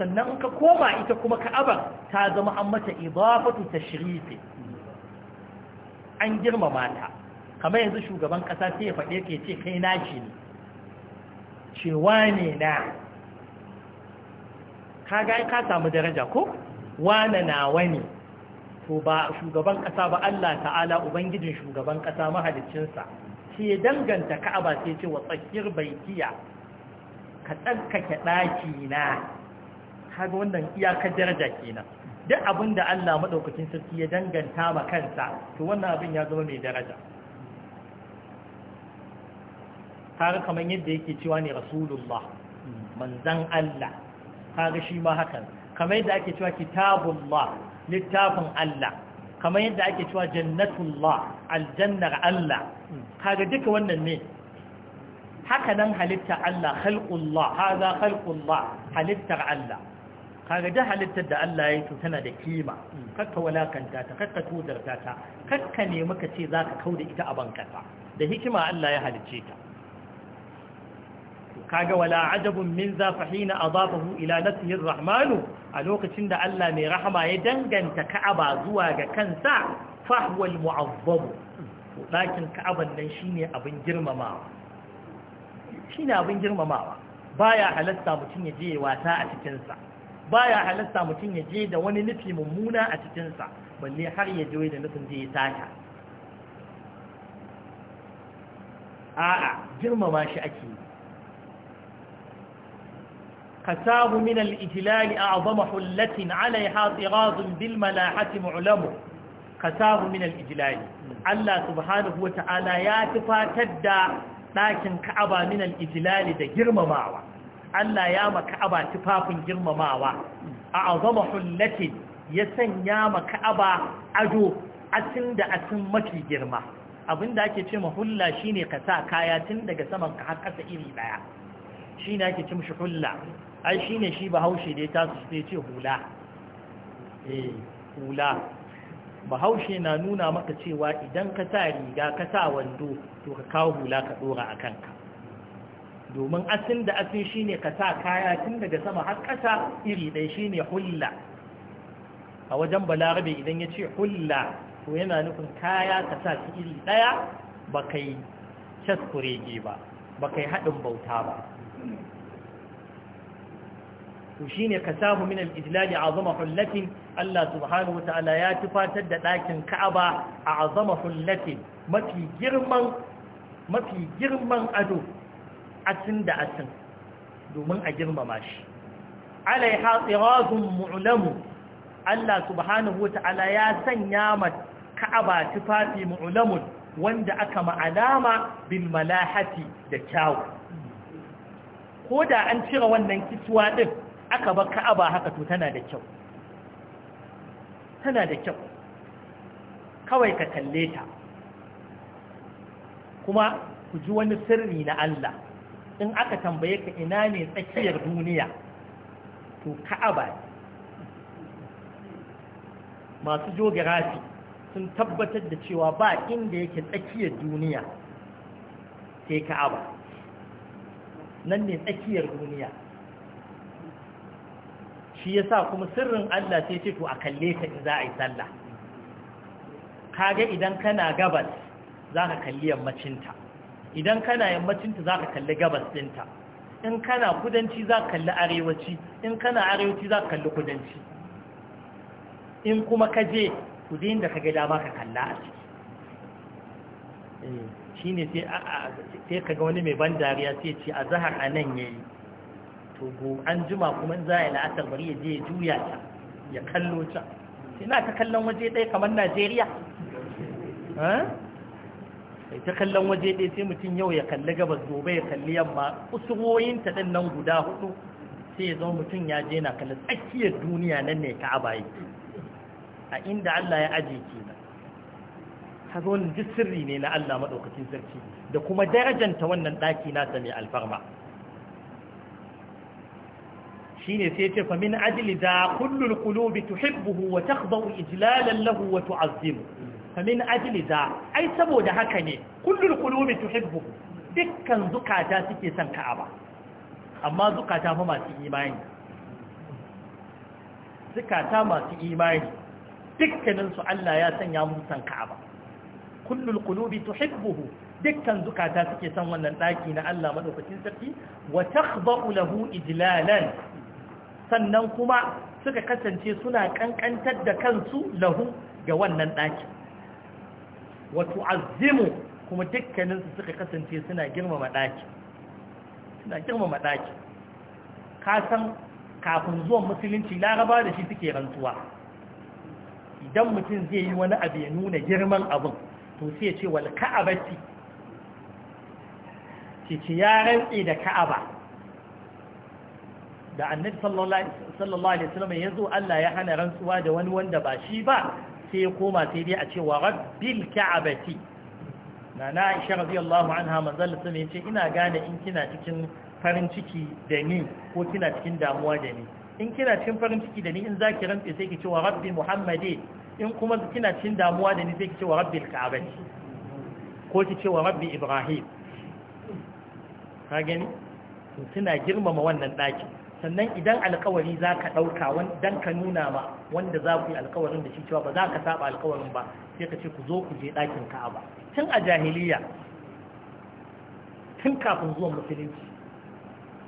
sannan ka koma ita kuma ka'aba ta zama an mata idafatu tashrifi an girmama ta kamar yanzu shugaban ƙasa sai ya faɗe ke ce kai naci ne cewa ne na ka ka samu daraja ko wane na wani to ba shugaban ƙasa ba Allah ta'ala ubangijin shugaban ƙasa mahaliccinsa ya danganta ka'aba sai ce wa tsakiyar baitiya ka tsarkake ɗaki na kaga wannan iyakar daraja kenan duk abin da Allah maɗaukacin sarki ya danganta ma kansa to wannan abin ya zama mai daraja kaga kamar yadda yake cewa ne rasulullah manzan Allah kaga shi ma hakan kamar yadda ake cewa kitabullah littafin Allah kamar yadda ake cewa jannatullah aljannar Allah kaga duka wannan ne haka nan halitta Allah khalqullah haza khalqullah halittar Allah kaga da halittar da Allah ya yi tana da kima kakka walakanta ta kakka tudarta ta kakka ne muka ce zaka kauda ita a bankasa da hikima Allah ya halicce ta kaga wala ajabun min zafahina adafahu ila nafsihi arrahmanu a lokacin da Allah mai rahama ya danganta Ka'aba zuwa ga kansa fahwal mu'azzab dakin Ka'aban nan shine abin girmamawa shine abin girmamawa baya halatta mutun ya je wata a cikin sa baya halatta mutun ya je da wani nufi mummuna a cikin sa balle har ya je da nufin ya sata a'a girmama shi ake yi قساه من الإجلال أعظم حلة عليها طراز بالملاحة معلم قساه من الإجلال الله سبحانه وتعالى ياتفا تدى لكن كعبا من الإجلال دا جرم معوى الله ياما كعبا تفاف جرم معوى أعظم حلة يسن ياما كعبا أجو أسن دا أسن مكي جرمه abinda ake ce hulla shine ka sa kaya tun daga saman ka har ƙasa iri daya shine ake ce mushi hulla ai shi ne shi bahaushe dai ta su ce hula eh hula bahaushe na nuna maka cewa idan ka sa riga ka sa wando to ka kawo hula ka dora a kanka domin asin da asin shi ne ka sa kaya tun daga sama har ƙasa iri ɗai shi ne hula. a wajen balarabe idan ya ce hula to yana nufin kaya ka sa su iri ɗaya ba kai caskurege ba ba kai haɗin bauta ba to ka samu min al a azama hullatin Allah subhanahu ta'ala ya tufatar da ɗakin Ka'aba a azama hullatin mafi girman ado atin da atin domin a girmama shi alaiha tsirazun mu'lamu Allah subhanahu ta'ala ya sanya ma Ka'aba tufafi mu'lamun wanda aka ma'alama bil malahati da kyawu ko da an cire wannan kituwa ɗin? aka ba ka'aba haka to tana da kyau tana da kyau kawai ka kalle ta kuma ku ji wani sirri na Allah in aka tambaye ka ina ne tsakiyar duniya to ka'aba masu geography sun tabbatar da cewa ba inda yake tsakiyar duniya sai ka'aba nan ne tsakiyar duniya shi yasa kuma sirrin Allah sai ce to a kalle ka in za a yi sallah kaga idan kana gabas za ka kalli yammacinta idan kana yammacinta za ka kalli gabas ɗinta in kana kudanci za ka kalli arewaci in kana arewaci za ka kalli kudanci in kuma ka je kudin da ka ga dama ka kalla a ciki eh, shi ne sai ka ga wani mai ban dariya sai ce a zahar a nan ya yi to an jima kuma za a yi la'asar bari ya je juya ta ya kallo ta ina ta kallon waje ɗaya kamar najeriya ta kallon waje ɗaya sai mutum yau ya kalli gabas gobe ya kalli yamma kusurwoyin ta ɗin nan guda hudu sai ya zama mutum ya je na kallon tsakiyar duniya nan ne ta yake a inda Allah ya aje nan, kaga wannan duk sirri ne na Allah maɗaukacin sarki da kuma darajanta wannan ɗaki nasa mai alfarma shine sai ce fa min ajli da kullul qulubi tuhibbuhu wa takhdau ijlalan lahu wa tu'azzimu fa min ajli da ai saboda haka ne kullul qulubi tuhibbuhu dukkan zukata suke son ka'aba amma zukata fa masu imani zukata masu imani dukkanin su Allah ya sanya musu son ka'aba kullul qulubi tuhibbuhu dukkan zukata suke son wannan daki na Allah madaukakin sarki wa takhdau lahu ijlalan sannan kuma suka kasance suna kankantar da kansu lahu ga wannan ɗaki wato azimu kuma dukkaninsu suka kasance suna girmama ɗaki suna girmama ɗaki kasan kafin zuwan musulunci laraba da shi suke rantsuwa idan mutum zai yi wani abu ya nuna girman abu, to sai ya ce wal ka'abati ce ce ya rantse da ka'aba da annabi sallallahu alaihi wasallam ya zo Allah ya hana rantsuwa da wani wanda ba shi ba sai ya koma sai dai a ce wa rabbil ka'abati na na Aisha radiyallahu anha manzal sun yace ina gane in kina cikin farin ciki da ni ko kina cikin damuwa da ni in kina cikin farin ciki da ni in zaki rantsa sai ki ce wa rabbi muhammadi in kuma kina cikin damuwa da ni sai ki ce wa rabbil ka'abati ko ki ce wa rabbi ibrahim ka gani to suna girmama wannan ɗakin sannan idan alkawari za ka ɗauka don ka nuna ma wanda za ku yi alkawarin da shi cewa ba za ka saba alkawarin ba sai ka ce ku zo ku je ɗakin ka'aba tun a jahiliya tun kafin zuwan musulunci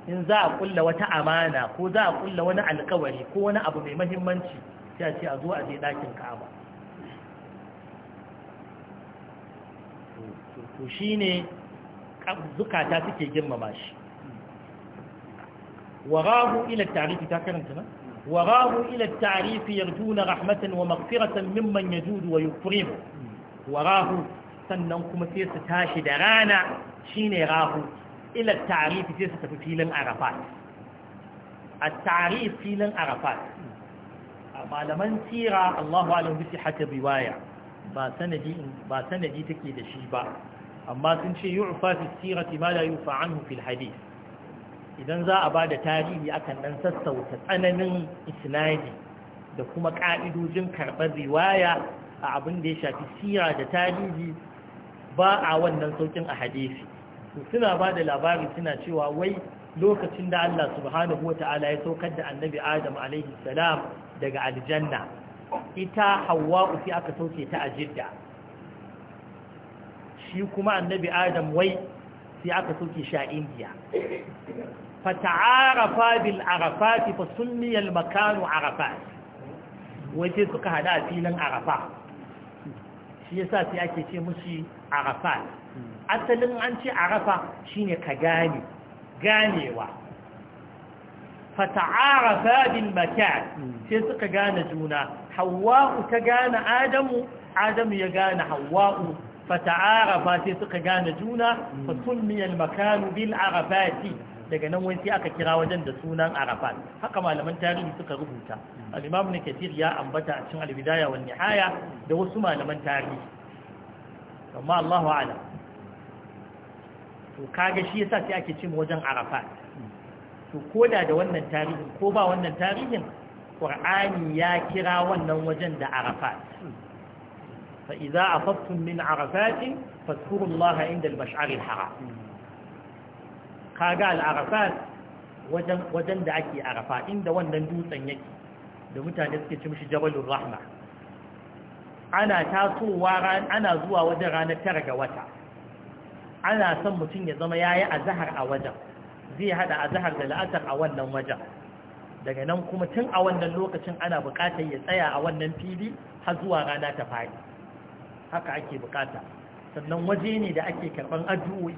in za a kulla wata amana ko za a kulla wani alkawari ko wani abu mai mahimmanci sai a ce a zo a je ɗakin ka'aba to shi ne zukata suke girmama shi وراه إلى التعريف تاكرن كنا إلى التعريف يرجون رحمة ومغفرة ممن يجود ويكرم وراه سننكم سيسة تاشي رانا شين غاه إلى التعريف سيس تفيلن عرفات التعريف فيلا عرفات malaman لمن سيرا الله bisi haka riwaya ba sanadi ba sanadi take da shi ba amma sun ce yu'fa fi sirati ma la idan za a ba da tarihi akan nan sassauta tsananin isnadi da kuma ƙa'idojin karɓar riwaya a abin da ya shafi siya da tarihi ba a wannan saukin a hadisi suna ba da labari suna cewa wai lokacin da Allah subhanahu wa ta'ala ya saukar da annabi Adam alaihi salam daga aljanna ita hawa ufi aka sauke ta a jidda shi kuma annabi Adam wai sai aka soke shi a indiya fata'arafa bil arafati fa sunniyal makanu arafat wai sai suka hada a filin arafa shi yasa sai ake ce mushi arafat asalin an ce arafa shine ka gane ganewa fata'arafa bil makan sai suka gane juna hawwa'u ta gane adamu adamu ya gane hawwa'u fata'arafa sai suka gane juna fa sunniyal makanu bil arafati daga nan wani sai aka kira wajen da sunan arafat haka malaman tarihi suka rubuta al-imam ibn kathir ya ambata a cikin al-bidaya wal nihaya da wasu malaman tarihi amma Allahu a'lam to kaga shi yasa sai ake cewa wajen arafat to koda da wannan tarihin ko ba wannan tarihin qur'ani ya kira wannan wajen da arafat فإذا أفضتم من عرفات فاذكروا الله عند المشعر الحرام kaga al'arafat wajen da ake arafa inda wannan dutsen yake da mutane suke ci mishi jabalun rahma ana ana zuwa wajen ranar tara ga wata ana son mutum ya zama yayi azhar a wajen zai hada azhar da la'asar a wannan wajen daga nan kuma tun a wannan lokacin ana bukatar ya tsaya a wannan fili har zuwa rana ta fadi haka ake bukata sannan waje ne da ake karban addu'o'i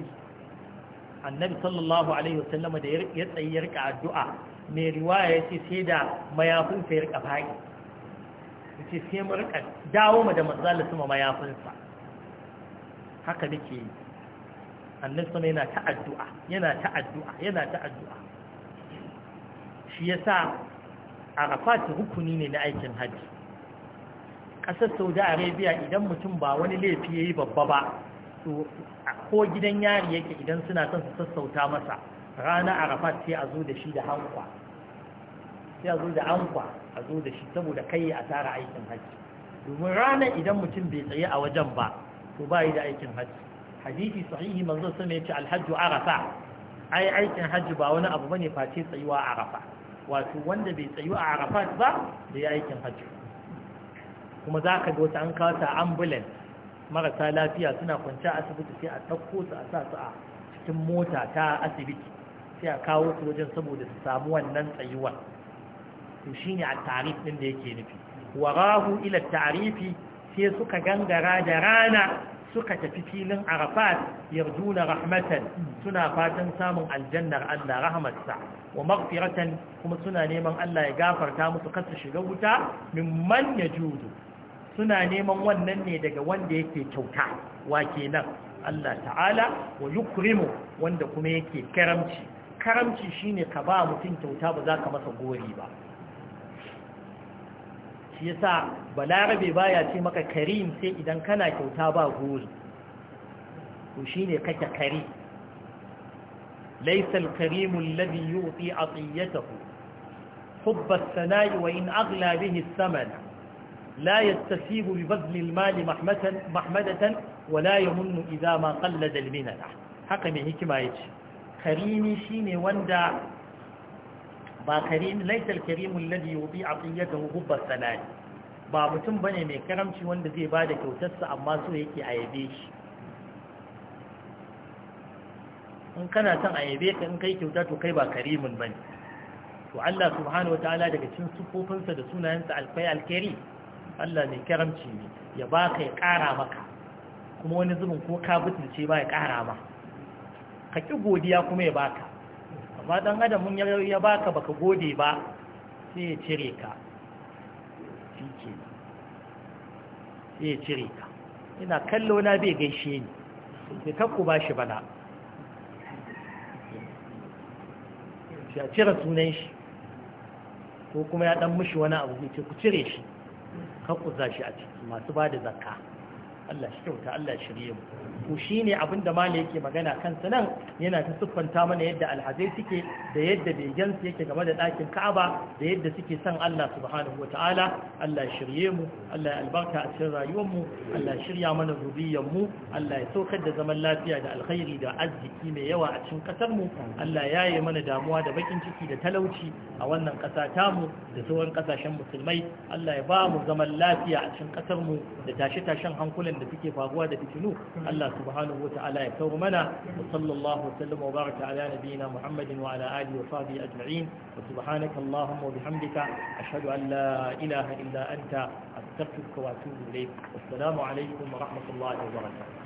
annabi sallallahu alaihi wasallam da ya tsayi ya rika addu'a mai riwaya ya ce sai da mayafin sa ya rika fa'i ya ce sai mu rika dawo mu da manzala sama mayafin sa haka nake yi annabi sama yana ta addu'a yana ta addu'a yana ta addu'a shi yasa arafat rukuni ne na aikin hajji ƙasar saudi arabia idan mutum ba wani laifi ya yi babba ba ko gidan yari yake idan suna son su sassauta masa rana arafat sai a zo da shi da hankwa sai a zo da hankwa a zo da shi saboda kai a tara aikin hajji domin ranar idan mutum bai tsaye a wajen ba to ba yi da aikin hajji hadisi sahihi manzo sun yace alhajju arafa ai aikin hajji ba wani abu bane face tsayuwa arafa wato wanda bai tsayu a arafat ba da ya aikin hajji kuma za ka ga wata an kawata ambulan marasa lafiya suna kwanci asibiti sai a ɗauko su a sa su a cikin mota ta asibiti sai a kawo su wajen saboda su samu wannan tsayuwa to shine a tarif ɗin da yake nufi warahu ila tarifi sai suka gangara da rana suka tafi filin arafat na rahmatan suna fatan samun aljannar Allah rahmatsa wa maghfiratan kuma suna neman Allah ya gafarta musu kasa shiga wuta mimman yajudu suna neman wannan ne daga wanda yake kyauta Wake nan, Allah ta'ala wa yukrimu wanda kuma yake karamci karamci shine ka ba mutum kyauta ba za ka masa gori ba shi yasa balarabe baya ce maka karim sai idan kana kyauta ba gori to shine kake kari laysa al-karimu alladhi yu'ti 'atiyatahu hubba as-sana'i wa in aghla bihi ath لا يستسيب ببذل المال محمدة ولا يمن إذا ما قلد المنن haka mai hikima ya ce karini shi ne wanda ba karini laisar karimun ladi yubi a tsiyyata hubbar sanani ba mutum bane mai karamci wanda zai bada da kyautarsa amma so yake a yabe shi in kana son a yabe in kai kyauta to kai ba karimun bane to Allah subhanahu wa ta'ala daga cikin sufofinsa da sunayensa alfai alkari Allah mai karamci ne ya baka ya ƙara maka kuma wani zubin ko ka butulce ba ya ƙara ma ka ƙi godiya kuma ya baka amma ɗan adam mun ya baka baka gode ba sai ya cire ka shike sai ya cire ka ina kallo na bai gaishe ni sai kakku ba shi bana ya cire sunan shi ko kuma ya ɗan mushi wani abu ce ku cire shi ka kuza shi a ciki masu ba da zakka Allah shi kyauta Allah shirye mu to shi ne da mala yake magana kansa nan yana ta siffanta mana yadda alhazai suke da yadda begensu yake game da ɗakin ka'aba da yadda suke son Allah subhanahu wa ta'ala Allah ya shirye mu Allah ya albarka a cikin rayuwar mu Allah ya shirya mana zuriyar mu Allah ya saukar da zaman lafiya da alkhairi da arziki mai yawa a cikin kasar mu Allah ya yi mana damuwa da bakin ciki da talauci a wannan kasa tamu da sauran kasashen musulmai Allah ya ba mu zaman lafiya a cikin kasar mu da tashe-tashen hankulan da suke faruwa da fitinu Allah subhanahu wa ta'ala ya kawo mana wa sallallahu wasallam wa baraka ala nabiyyina muhammadin wa ala alihi wa sahbihi ajma'in wa subhanaka allahumma wa bihamdika ashhadu an la ilaha illa anta astaghfiruka wa atubu ilayk assalamu alaikum wa rahmatullahi wa barakatuh